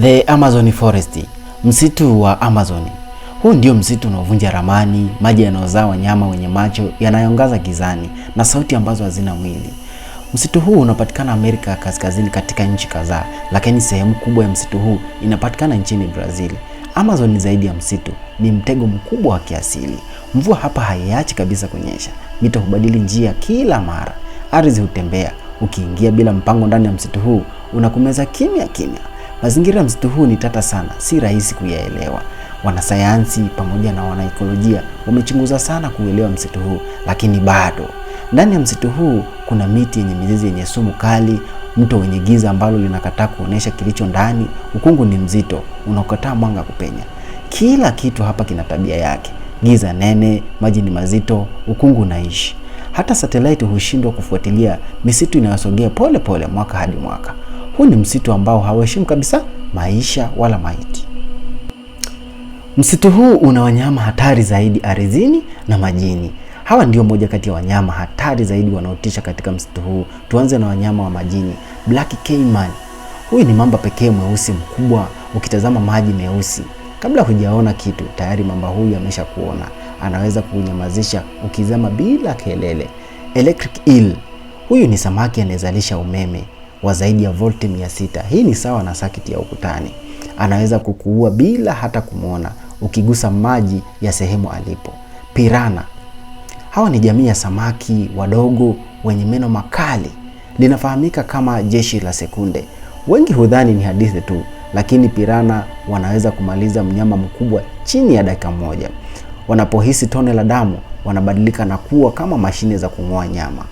The Amazon Forest, msitu wa Amazon. Huu ndio msitu unaovunja ramani, maji yanayozaa wanyama wenye macho yanayongaza gizani na sauti ambazo hazina mwili. Msitu huu unapatikana Amerika ya Kaskazini katika nchi kadhaa, lakini sehemu kubwa ya msitu huu inapatikana nchini Brazil. Amazon ni zaidi ya msitu, ni mtego mkubwa wa kiasili. Mvua hapa haiachi kabisa kunyesha, mito hubadili njia kila mara, ardhi hutembea. Ukiingia bila mpango ndani ya msitu huu unakumeza kimya kimya. Mazingira ya msitu huu ni tata sana, si rahisi kuyaelewa. Wanasayansi pamoja na wanaikolojia wamechunguza sana kuelewa msitu huu, lakini bado ndani ya msitu huu kuna miti yenye mizizi yenye sumu kali, mto wenye giza ambalo linakataa kuonyesha kilicho ndani. Ukungu ni mzito, unaokataa mwanga kupenya. Kila kitu hapa kina tabia yake: giza nene, maji ni mazito, ukungu unaishi. Hata satelaiti hushindwa kufuatilia misitu inayosogea pole pole mwaka hadi mwaka. Huu ni msitu ambao hauheshimu kabisa maisha wala maiti. Msitu huu una wanyama hatari zaidi ardhini na majini. Hawa ndio moja kati ya wanyama hatari zaidi wanaotisha katika msitu huu. Tuanze na wanyama wa majini, Black Caiman. Huyu ni mamba pekee mweusi mkubwa ukitazama maji meusi. Kabla hujaona kitu, tayari mamba huyu ameshakuona. Anaweza kunyamazisha ukizama bila kelele. Electric Eel. Huyu ni samaki anayezalisha umeme wa zaidi ya volti sita. Hii ni sawa na sakiti ya ukutani. Anaweza kukuua bila hata kumwona ukigusa maji ya sehemu alipo. Pirana, hawa ni jamii ya samaki wadogo wenye meno makali, linafahamika kama jeshi la sekunde. Wengi hudhani ni hadithi tu, lakini pirana wanaweza kumaliza mnyama mkubwa chini ya dakika moja. Wanapohisi tone la damu, wanabadilika na kuwa kama mashine za kung'oa nyama.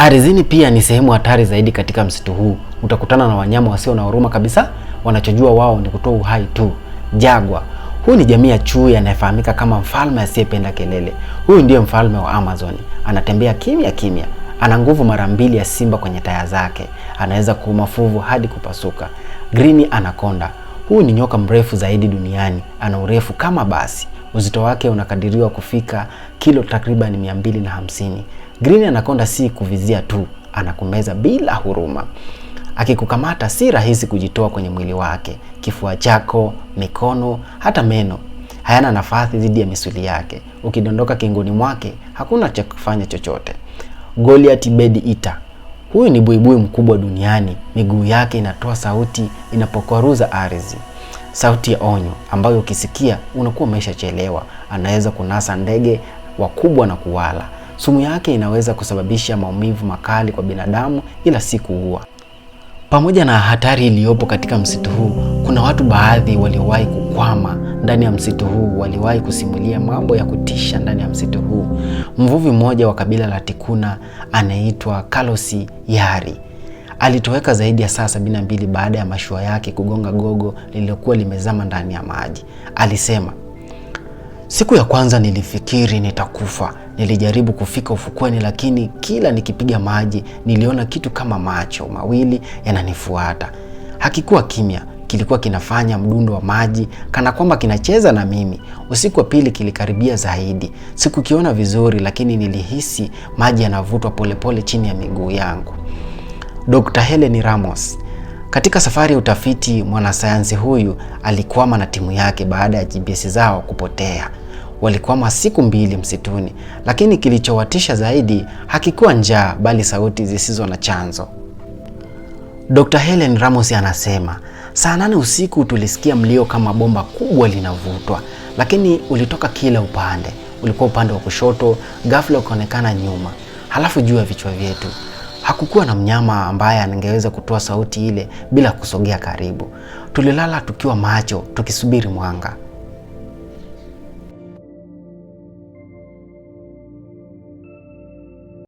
Ardhini pia ni sehemu hatari zaidi katika msitu huu. Utakutana na wanyama wasio na huruma kabisa, wanachojua wao ni kutoa uhai tu. Jagwa, huu ni jamii ya chui anayefahamika kama mfalme asiyependa kelele. Huyu ndiye mfalme wa Amazon, anatembea kimya kimya, ana nguvu mara mbili ya simba kwenye taya zake, anaweza kuuma fuvu hadi kupasuka. Green anaconda, Huu ni nyoka mrefu zaidi duniani, ana urefu kama basi. Uzito wake unakadiriwa kufika kilo takriban 250. Green anakonda si kuvizia tu, anakumeza bila huruma. Akikukamata si rahisi kujitoa kwenye mwili wake. Kifua chako, mikono, hata meno hayana nafasi dhidi ya misuli yake. Ukidondoka kingoni mwake, hakuna cha kufanya chochote. Goliath Bed Huyu ni buibui mkubwa duniani. Miguu yake inatoa sauti inapokwaruza ardhi, sauti ya onyo ambayo ukisikia unakuwa umeshachelewa. Anaweza kunasa ndege wakubwa na kuwala. Sumu yake inaweza kusababisha maumivu makali kwa binadamu ila si kuua. Pamoja na hatari iliyopo katika msitu huu, kuna watu baadhi waliowahi kukwama ndani ya msitu huu, waliwahi kusimulia mambo ya kutisha ndani ya msitu huu. Mvuvi mmoja wa kabila la Tikuna anaitwa Kalosi Yari alitoweka zaidi ya saa sabini na mbili baada ya mashua yake kugonga gogo lililokuwa limezama ndani ya maji. Alisema Siku ya kwanza nilifikiri nitakufa. Nilijaribu kufika ufukweni, lakini kila nikipiga maji niliona kitu kama macho mawili yananifuata. Hakikuwa kimya, kilikuwa kinafanya mdundo wa maji kana kwamba kinacheza na mimi. Usiku wa pili kilikaribia zaidi. Sikukiona vizuri, lakini nilihisi maji yanavutwa polepole chini ya miguu yangu. Dr. Helen Ramos katika safari ya utafiti, mwanasayansi huyu alikwama na timu yake baada ya GPS zao kupotea. Walikwama siku mbili msituni, lakini kilichowatisha zaidi hakikuwa njaa, bali sauti zisizo na chanzo. Dr. Helen Ramos anasema saa nane usiku tulisikia mlio kama bomba kubwa linavutwa, lakini ulitoka kila upande. Ulikuwa upande wa kushoto, ghafla ukaonekana nyuma, halafu juu ya vichwa vyetu. Hakukuwa na mnyama ambaye angeweza kutoa sauti ile bila kusogea karibu. Tulilala tukiwa macho, tukisubiri mwanga.